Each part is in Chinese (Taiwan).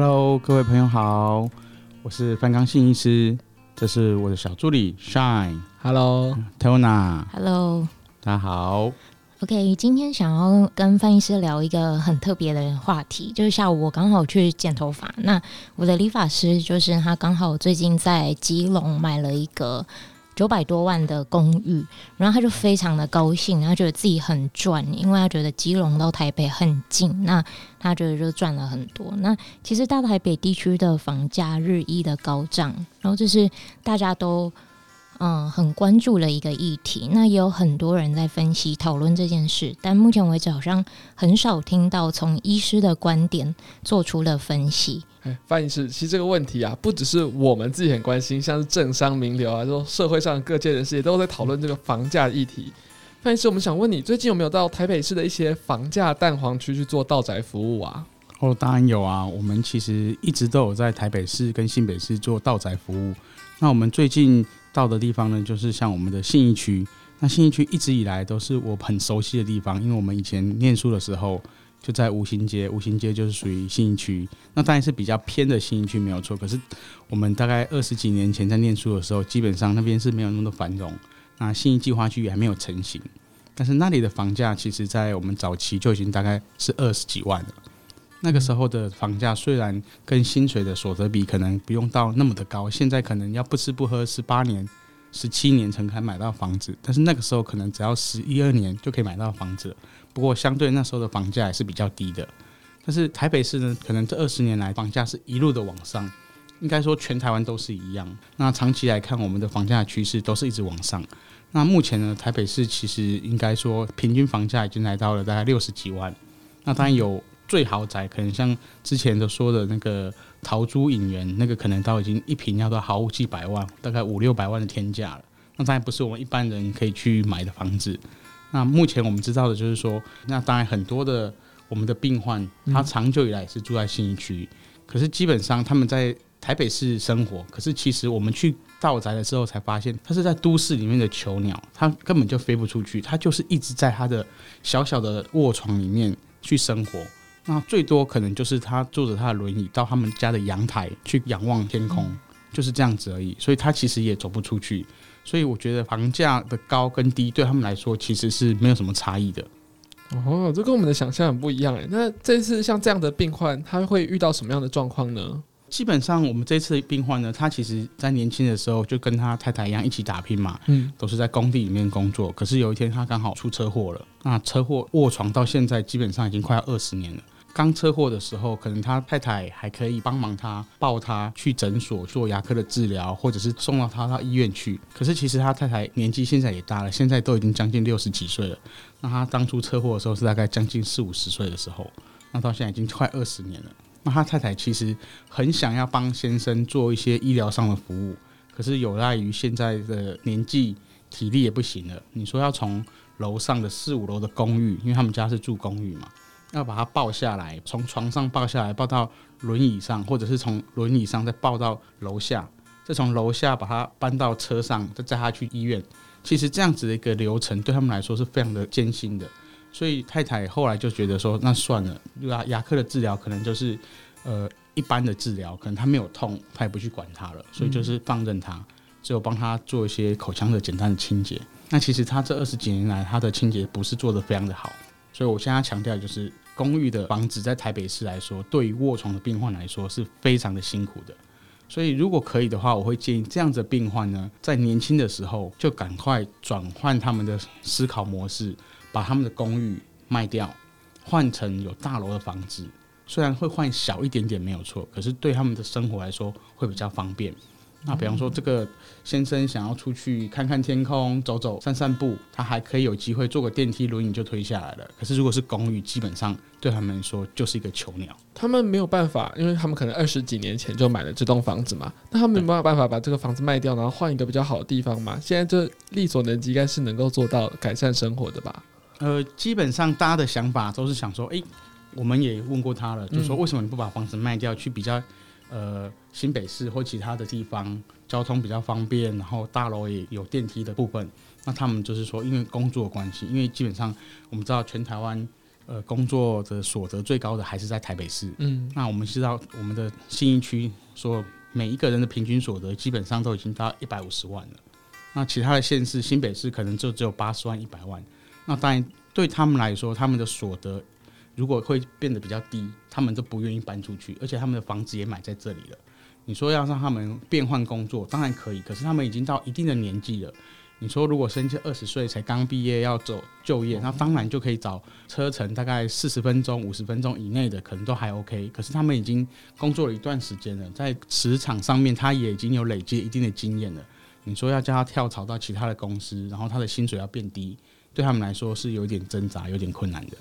Hello，各位朋友好，我是范剛信醫師，這是我的小助理 Shine Hello。Hello，Tona。Hello，大家好。OK，今天想要跟范醫師聊一個很特別的話題，就是下午我剛好去剪頭髮，那我的理髮師就是他，剛好最近在基隆買了一個。九百多萬的公寓，然後他就非常的高興，然後覺得自己很賺，因為他覺得基隆到台北很近，那他覺得就賺了很多。那其實大台北地區的房價日益的高漲，然後就是大家都嗯，很關注的一個議題，那也有很多人在分析討論這件事，但目前為止好像很少聽到從醫師的觀點做出了分析。哎，范醫師，其實這個問題啊，不只是我們自己很關心，像是政商名流啊，就是、說社會上各界人士也都在討論這個房價議題。范醫師，我們想問你，最近有沒有到台北市的一些房價蛋黃區去做到宅服務啊？哦、oh，當然有啊！我們其實一直都有在台北市跟新北市做到宅服務。那我們最近到的地方呢，就是像我們的信義區。那信義區一直以來都是我很熟悉的地方，因為我們以前念書的時候就在吳興街，吳興街就是屬於信義區。那當然是比較偏的信義區，沒有錯。可是我們大概二十幾年前在念書的時候，基本上那邊是沒有那麼多繁榮。那信義計劃區也還沒有成型，但是那裡的房價其實，在我們早期就已經大概是二十幾萬了。那個時候的房價雖然跟薪水的所得比可能不用到那麼的高，現在可能要不吃不喝十八年、十七年才能買到房子，但是那個時候可能只要十一二年就可以買到房子。不過相對那時候的房價還是比較低的。但是台北市呢，可能這二十年來房價是一路的往上，應該說全台灣都是一樣。那長期來看，我們的房價趨勢都是一直往上。那目前呢，台北市其實應該說平均房價已經來到了大概六十幾萬。那當然有。最豪宅可能像之前都說的那個陶朱隱園，那個可能都已經一平要到好幾百萬，大概五六百萬的天價了。那當然不是我們一般人可以去買的房子。那目前我們知道的就是說，那當然很多的我們的病患，他長久以來是住在信義區、嗯，可是基本上他們在台北市生活。可是其實我們去到宅的時候才發現，他是在都市裡面的囚鳥，他根本就飛不出去，他就是一直在他的小小的臥床裡面去生活。那最多可能就是他坐着他的輪椅到他們家的陽台去仰望天空，嗯，就是這樣子而已。所以他其實也走不出去。所以我覺得房價的高跟低對他們來說其實是沒有什麼差異的。哦，這跟我們的想象很不一樣哎。那這次像這樣的病患，他會遇到什麼樣的狀況呢？基本上我們這次的病患呢，他其實在年輕的時候就跟他太太一樣一起打拼嘛，嗯，都是在工地裡面工作。可是有一天他剛好出車禍了，那車禍臥床到現在基本上已經快要二十年了。當車禍的時候，可能他太太還可以幫忙他抱他去診所做牙科的治療，或者是送到他到醫院去。可是其實他太太年紀現在也大了，現在都已經將近六十幾歲了。那他當初車禍的時候是大概將近四五十歲的時候，那到現在已經快二十年了。那他太太其實很想要幫先生做一些醫療上的服務，可是有礙於現在的年紀，體力也不行了。你說要從樓上的四五樓的公寓，因為他們家是住公寓嘛。要把他抱下來，從床上抱下來，抱到輪椅上，或者是從輪椅上再抱到樓下，再從樓下把他搬到車上，再載他去醫院。其實這樣子的一個流程對他們來說是非常的艱辛的。所以太太後來就覺得說，那算了，牙牙科的治療可能就是呃一般的治療，可能他沒有痛，他也不去管他了，所以就是放任他，嗯、只有幫他做一些口腔的簡單的清潔。那其實他這二十幾年來，他的清潔不是做得非常的好。所以我現在強調，就是公寓的房子在台北市來說，對於臥床的病患來說是非常的辛苦的。所以如果可以的話，我會建議這樣子的病患呢，在年輕的時候就趕快轉換他們的思考模式，把他們的公寓賣掉，換成有大樓的房子。雖然會換小一點點沒有錯，可是對他們的生活來說會比較方便。那比方說，這個先生想要出去看看天空、走走、散散步，他還可以有機會坐個電梯，輪椅就推下來了。可是如果是公寓，基本上對他們來說就是一個囚鳥，他們沒有辦法，因為他們可能二十幾年前就買了這棟房子嘛，那他們沒有辦法把這個房子賣掉，然後換一個比較好的地方嘛。現在這力所能及，應該是能夠做到改善生活的吧。呃，基本上大家的想法都是想說，哎、欸，我們也問過他了，就說為什麼你不把房子賣掉去比較？呃，新北市或其他的地方，交通比較方便，然後大樓也有電梯的部分。那他們就是說，因為工作關係，因為基本上我們知道，全台灣呃工作的所得最高的還是在台北市。嗯。那我們知道，我們的信義區說，每一個人的平均所得基本上都已經到一百五十萬了。那其他的縣市，新北市可能就只有八十萬、一百萬。那當然對他們來說，他們的所得。如果會變得比較低，他們都不願意搬出去，而且他們的房子也買在這裡了。你說要讓他們變換工作，當然可以，可是他們已經到一定的年紀了。你說如果生去二十歲才剛畢業要走就業，那當然就可以找車程大概四十分鐘、五十分鐘以內的，可能都還 OK。可是他們已經工作了一段時間了，在職場上面他也已經有累積一定的經驗了。你說要叫他跳槽到其他的公司，然後他的薪水要變低，對他們來說是有點掙扎、有點困難的。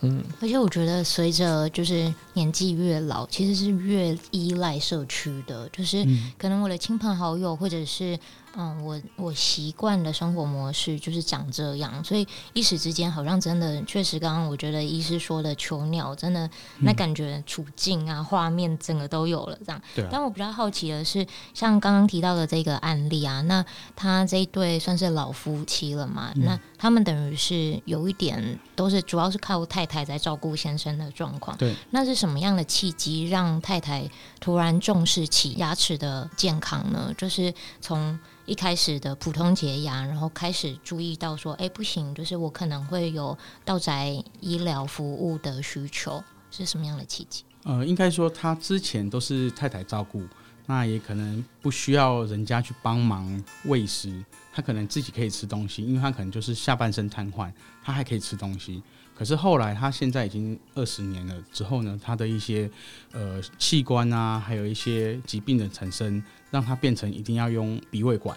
嗯，而且我覺得隨着就是年紀越老，其實是越依賴社區的。就是可能我的親朋好友，或者是嗯，我我習慣的生活模式就是長這樣，所以一時之間好像真的確實，剛剛我覺得醫師說的囚鳥真的那感覺處境啊，畫面整個都有了這樣。但我比較好奇的是，像剛剛提到的這個案例啊，那他這一對算是老夫妻了嘛？那。他們等於是有一點都是，主要是靠太太在照顧先生的狀況。對，那是什麼樣的契機讓太太突然重視起牙齒的健康呢？就是從一開始的普通潔牙，然後開始注意到說，哎，不行，就是我可能會有到宅醫療服務的需求，是什麼樣的契機？呃，應該說他之前都是太太照顧，那也可能不需要人家去幫忙餵食。他可能自己可以吃東西，因為他可能就是下半身癱瘓，他還可以吃東西。可是後來他現在已經二十年了之後呢，他的一些呃器官啊，還有一些疾病的產生，讓他變成一定要用鼻胃管，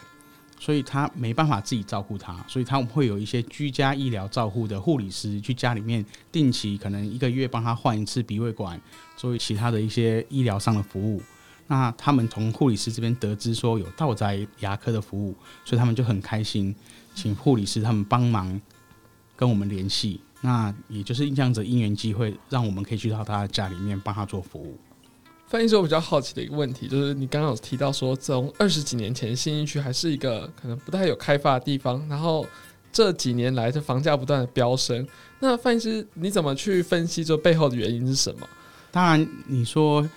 所以他沒辦法自己照顧他，所以他們會有一些居家醫療照護的護理師去家裡面定期可能一個月幫他換一次鼻胃管，作為其他的一些醫療上的服務。那他們從護理師這邊得知說有到宅牙科的服務，所以他們就很開心，請護理師他們幫忙跟我們聯繫。那也就是這樣子的因緣機會，讓我們可以去到他的家裡面幫他做服務。范醫師，我比較好奇的一個問題就是，你剛剛有提到說，從二十幾年前信義區還是一個可能不太有開發的地方，然後這幾年來，這房價不斷的飆升，那范醫師你怎麼去分析這背後的原因是什麼？當然，你說。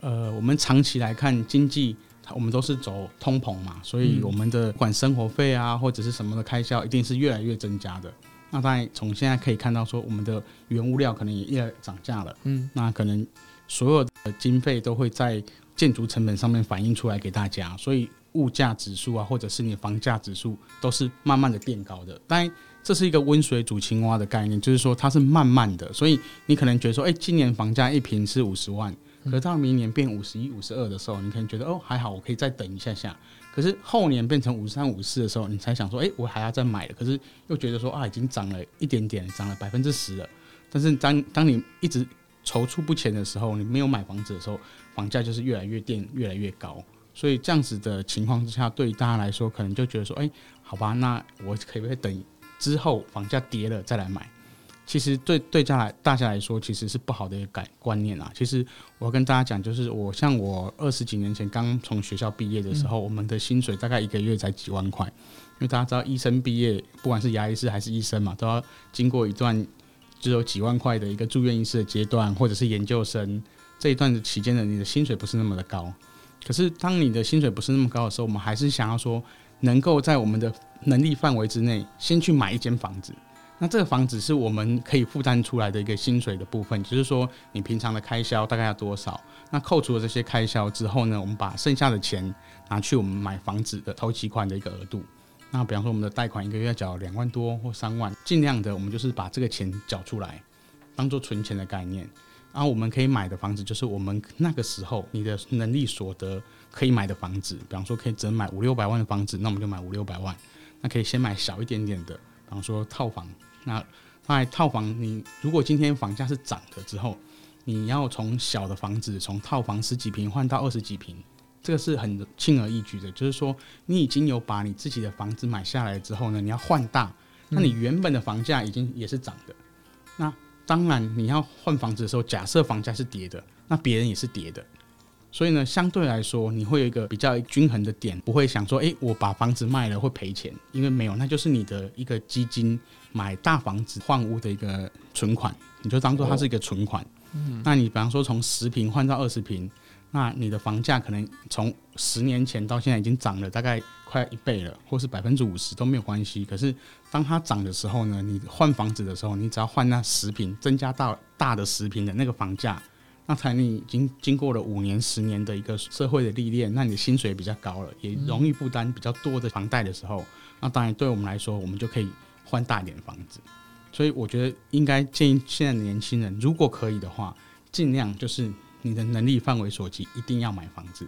呃，我們長期來看經，經濟我們都是走通膨嘛，所以我們的不管生活費啊，或者是什麼的開銷，一定是越來越增加的。那當然，從現在可以看到，說我們的原物料可能也越來漲價了。嗯，那可能所有的經費都會在建築成本上面反映出來給大家，所以物價指數啊，或者是你的房價指數都是慢慢的變高的。當然，這是一個溫水煮青蛙的概念，就是說它是慢慢的，所以你可能覺得說，哎、欸，今年房價一平是五十萬。嗯、可到明年變五十一、五十二的時候，你可能覺得哦，還好，我可以再等一下下。可是後年變成五三、五四的時候，你才想說，哎、欸，我還要再買了。可是又覺得說啊，已經漲了一點點，漲了百分之十了。但是當當你一直躊躇不前的時候，你沒有買房子的時候，房價就是越來越墊，越來越高。所以這樣子的情況之下，對於大家來說，可能就覺得說，哎、欸，好吧，那我可不可以等之後房價跌了再來買？其實對對家來大家來說，其實是不好的一個觀念啊。其實我要跟大家講，就是我像我二十幾年前剛從學校畢業的時候、嗯，我們的薪水大概一個月才幾萬塊。因為大家知道，醫生畢業不管是牙醫師還是醫生嘛，都要經過一段只有幾萬塊的一個住院醫師的階段，或者是研究生這一段的期間的，你的薪水不是那麼的高。可是當你的薪水不是那麼高的時候，我們還是想要說，能夠在我們的能力範圍之內，先去買一間房子。那這個房子是我們可以負擔出來的一個薪水的部分，就是說你平常的開銷大概要多少？那扣除了這些開銷之後呢，我們把剩下的錢拿去我們買房子的頭期款的一個額度。那比方說我們的貸款一個月要繳兩萬多或三萬，盡量的我們就是把這個錢繳出來，當做存錢的概念。然後我們可以買的房子就是我們那個時候你的能力所得可以買的房子，比方說可以只能買五六百萬的房子，那我們就買五六百萬。那可以先買小一點點的，比方說套房。那在套房，你如果今天房價是漲的之後，你要從小的房子從套房十幾坪換到二十幾坪，這個是很輕而易舉的。就是說，你已經有把你自己的房子買下來之後呢，你要換大，那你原本的房價已經也是漲的。嗯。那當然，你要換房子的時候，假設房價是跌的，那別人也是跌的。所以呢，相對來說，你會有一個比較均衡的點，不會想說，哎、欸，我把房子賣了會賠錢，因為沒有，那就是你的一個基金買大房子換屋的一個存款，你就當做它是一個存款。哦、嗯。那你比方說從十坪換到二十坪，那你的房價可能從十年前到現在已經漲了大概快一倍了，或是百分之五十都沒有關係。可是當它漲的時候呢，你換房子的時候，你只要換那十坪，增加到大的十坪的那個房價。那才你已經經過了五年、十年的一個社會的歷練，那你的薪水比較高了，也容易負擔比較多的房貸的時候，嗯，那當然對我們來說，我們就可以換大一點房子。所以我覺得應該建議現在的年輕人，如果可以的話，盡量就是你的能力範圍所及，一定要買房子。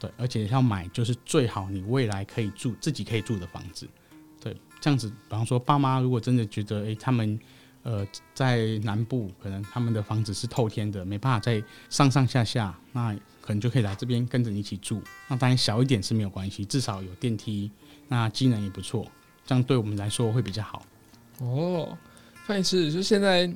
對，而且要買就是最好你未來可以住自己可以住的房子。對，這樣子，比方說爸媽如果真的覺得，哎，欸，他們。呃，在南部可能他們的房子是透天的，沒辦法在上上下下，那可能就可以來這邊跟着你一起住。那當然小一點是沒有關係，至少有電梯，那機能也不錯，這樣對我們來說會比較好。哦，范醫師，就現在，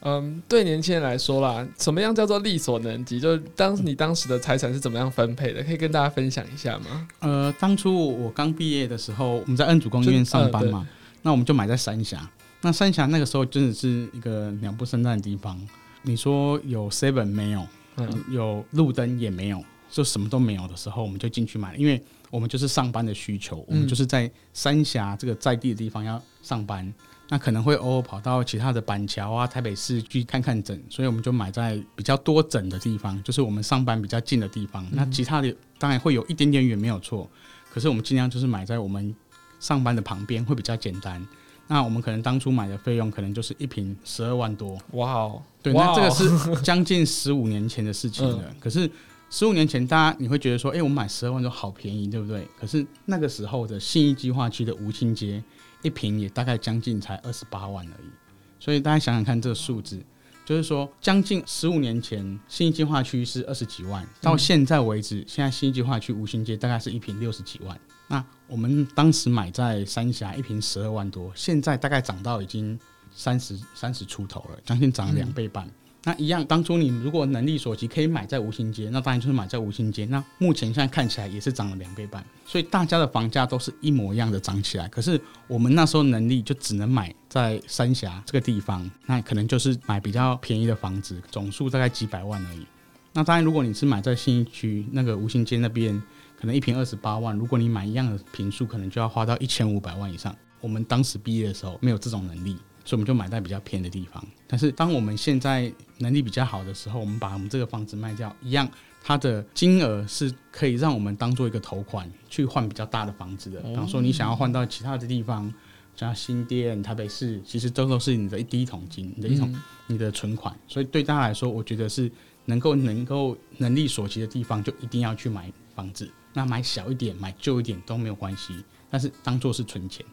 嗯，對年輕人來說啦，什麼樣叫做力所能及？就當你當時的財產是怎麼樣分配的，可以跟大家分享一下嗎？呃，當初我剛畢業的時候，我們在恩主公醫院上班嘛，呃、那我們就買在三峽。那三峽那個時候真的是一個鳥不生蛋的地方，你說有 seven 沒有？嗯、有路燈也沒有，就什麼都沒有的時候，我們就進去買了，因為我們就是上班的需求，我們就是在三峽這個在地的地方要上班，嗯、那可能會偶爾跑到其他的板橋啊、台北市去看看診，所以我們就買在比較多診的地方，就是我們上班比較近的地方。嗯、那其他的當然會有一點點遠，沒有錯，可是我們盡量就是買在我們上班的旁邊會比較簡單。那我們可能當初買的費用可能就是一坪十二萬多，哇，哦，對，wow, 那這個是將近十五年前的事情了。 嗯、可是十五年前，大家你會覺得說，誒、欸，我買十二萬多好便宜，對不對？可是那個時候的信義計畫區的吳興街，一坪也大概將近才二十八萬而已。所以大家想想看這個數字，就是說將近十五年前信義計畫區是二十幾萬，到現在為止，嗯、現在信義計畫區吳興街大概是一坪六十幾萬。那我們當時買在三峽，一坪十二萬多，現在大概漲到已經三十三十出頭了，將近漲了兩倍半，嗯。那一樣，當初你如果能力所及可以買在吳興街，那當然就是買在吳興街。那目前現在看起來也是漲了兩倍半，所以大家的房價都是一模一樣的漲起來。可是我們那時候能力就只能買在三峽這個地方，那可能就是買比較便宜的房子，總數大概幾百萬而已。那當然，如果你是買在信義區那個吳興街那邊。可能一坪二十八萬，如果你買一樣的坪數，可能就要花到一千五百萬以上。我們當時畢業的時候沒有這種能力，所以我們就買在比較偏的地方。但是當我們現在能力比較好的時候，我們把我們這個房子賣掉，一樣它的金額是可以讓我們當做一個頭款去換比較大的房子的。嗯、比方說，你想要換到其他的地方，像新店、台北市，其實都都是你的一第一桶金，你的一桶、嗯，你的存款。所以對大家來說，我覺得是能夠能夠能力所及的地方，就一定要去買。房子，那買小一點，買舊一點都沒有關係，但是當做是存錢。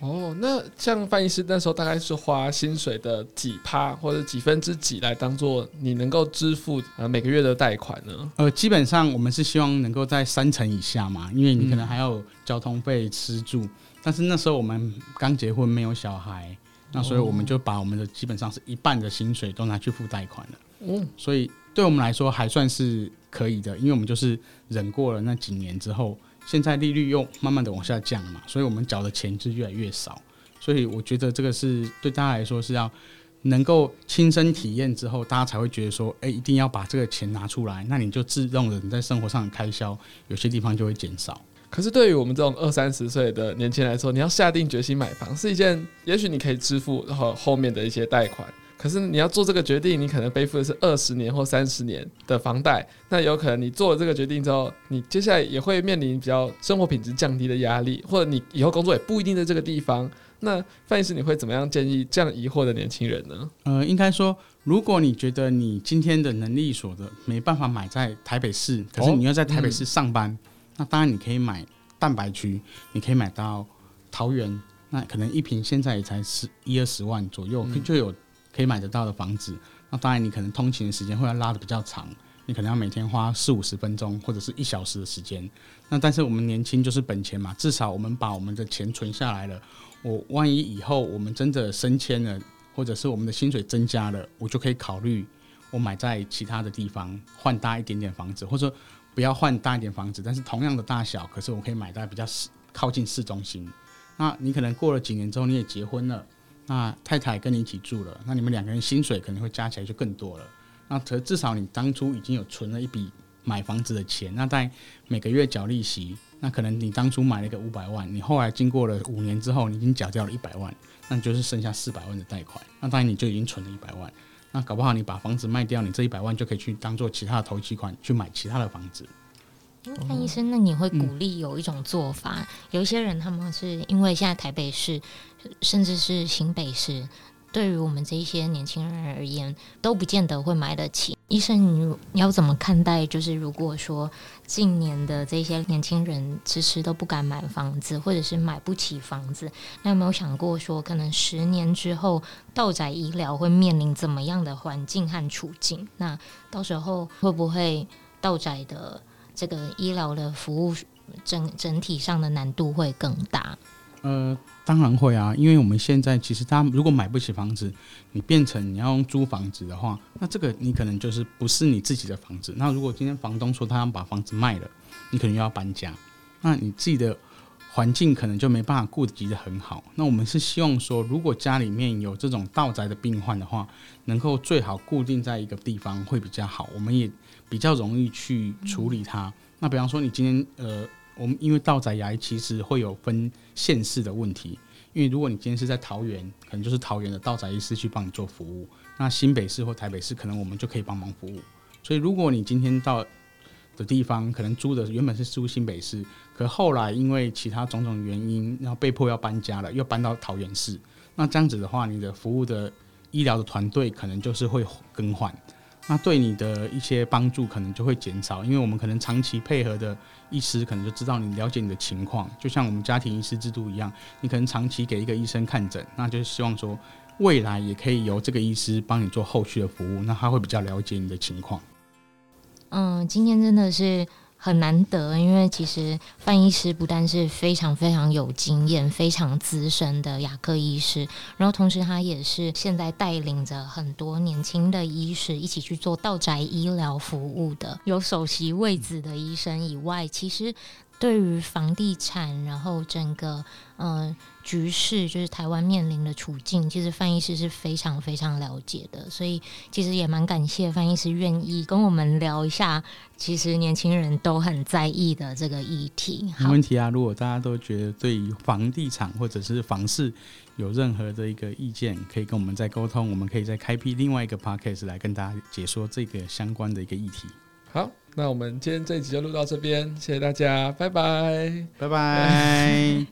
哦，那像范醫師那時候大概是花薪水的幾趴或者幾分之幾來當做你能夠支付呃每個月的貸款呢？呃，基本上我們是希望能夠在三成以下嘛，因為你可能還有交通費、吃住、嗯。但是那時候我們剛結婚沒有小孩，那所以我們就把我們的基本上是一半的薪水都拿去付貸款了。嗯，所以對我們來說還算是。可以的，因為我們就是忍過了那幾年之後，現在利率又慢慢的往下降了嘛，所以我們繳的錢就越來越少。所以我覺得這個是對大家來說是要能夠親身體驗之後，大家才會覺得說，哎、欸，一定要把這個錢拿出來，那你就自動的你在生活上的開銷有些地方就會減少。可是對於我們這種二三十歲的年輕人來說，你要下定決心買房是一件，也許你可以支付後後面的一些貸款。可是你要做這個決定，你可能背負的是二十年或三十年的房貸，那有可能你做了這個決定之後，你接下來也會面臨比較生活品質降低的壓力，或者你以後工作也不一定在這個地方。那范醫師，你會怎麼樣建議這樣疑惑的年輕人呢？呃，應該說，如果你覺得你今天的能力所的沒辦法買在台北市，哦，可是你又在台北市上班，嗯，那當然你可以買蛋白區，你可以買到桃園，那可能一坪現在也才十一二十萬左右，嗯，就有。可以買得到的房子，那當然你可能通勤的時間會要拉得比較長，你可能要每天花四五十分鐘或者是一小時的時間。那但是我們年輕就是本錢嘛，至少我們把我們的錢存下來了。我萬一以後我們真的升遷了，或者是我們的薪水增加了，我就可以考慮我買在其他的地方換大一點點房子，或者不要換大一點房子，但是同樣的大小，可是我可以買在比較市靠近市中心。那你可能過了幾年之後，你也結婚了。那太太跟你一起住了，那你們兩個人薪水可能會加起來就更多了。那可至少你當初已經有存了一筆買房子的錢，那在每個月繳利息，那可能你當初買了一個五百萬，你後來經過了五年之後，你已經繳掉了一百萬，那就是剩下四百萬的貸款，那當然你就已經存了一百萬。那搞不好你把房子賣掉，你這一百萬就可以去當做其他的投機款去買其他的房子。嗯、看醫生，那你會鼓勵有一種做法？嗯、有一些人，他們是因為現在台北市，甚至是新北市，對於我們這些年輕人而言，都不見得會買得起。醫生，你，你要怎麼看待？就是如果說近年的這些年輕人遲遲都不敢買房子，或者是買不起房子，那有沒有想過說，可能十年之後，到宅醫療會面臨怎麼樣的環境和處境？那到時候會不會到宅的？這個醫療的服務整整體上的難度會更大。呃，當然會啊，因為我們現在其實，他如果買不起房子，你變成你要用租房子的話，那這個你可能就是不是你自己的房子。那如果今天房東說他要把房子賣了，你可能要搬家。那你自己的。環境可能就沒辦法顧及得很好。那我們是希望說，如果家裡面有這種到宅的病患的話，能夠最好固定在一個地方會比較好。我們也比較容易去處理它。嗯、那比方說，你今天呃，我們因為到宅牙醫其實會有分縣市的問題，因為如果你今天是在桃園，可能就是桃園的到宅醫師去幫你做服務；那新北市或台北市，可能我們就可以幫忙服務。所以，如果你今天到。的地方可能租的原本是租新北市，可後來因為其他種種原因，然後被迫要搬家了，又搬到桃園市。那這樣子的話，你的服務的醫療的團隊可能就是會更換，那對你的一些幫助可能就會減少，因為我們可能長期配合的醫師，可能就知道你了解你的情況，就像我們家庭醫師制度一樣，你可能長期給一個醫生看診，那就是希望說未來也可以由這個醫師幫你做後續的服務，那他會比較了解你的情況。嗯，今天真的是很難得，因為其實范醫師不但是非常非常有經驗、非常資深的牙科醫師，然後同時他也是現在帶領着很多年輕的醫師一起去做到宅醫療服務的，有首席位置的醫生以外，其實。對於房地產，然後整個嗯、呃、局勢，就是台灣面臨的處境，其實范醫師是非常非常了解的。所以其實也蠻感謝范醫師願意跟我們聊一下，其實年輕人都很在意的這個議題。沒問題啊！如果大家都覺得對於房地產或者是房市有任何的一個意見，可以跟我們再溝通，我們可以再開闢另外一個 podcast 來跟大家解說這個相關的一個議題。好。那我們今天這一集就錄到這邊，謝謝大家，拜拜，拜拜，拜拜。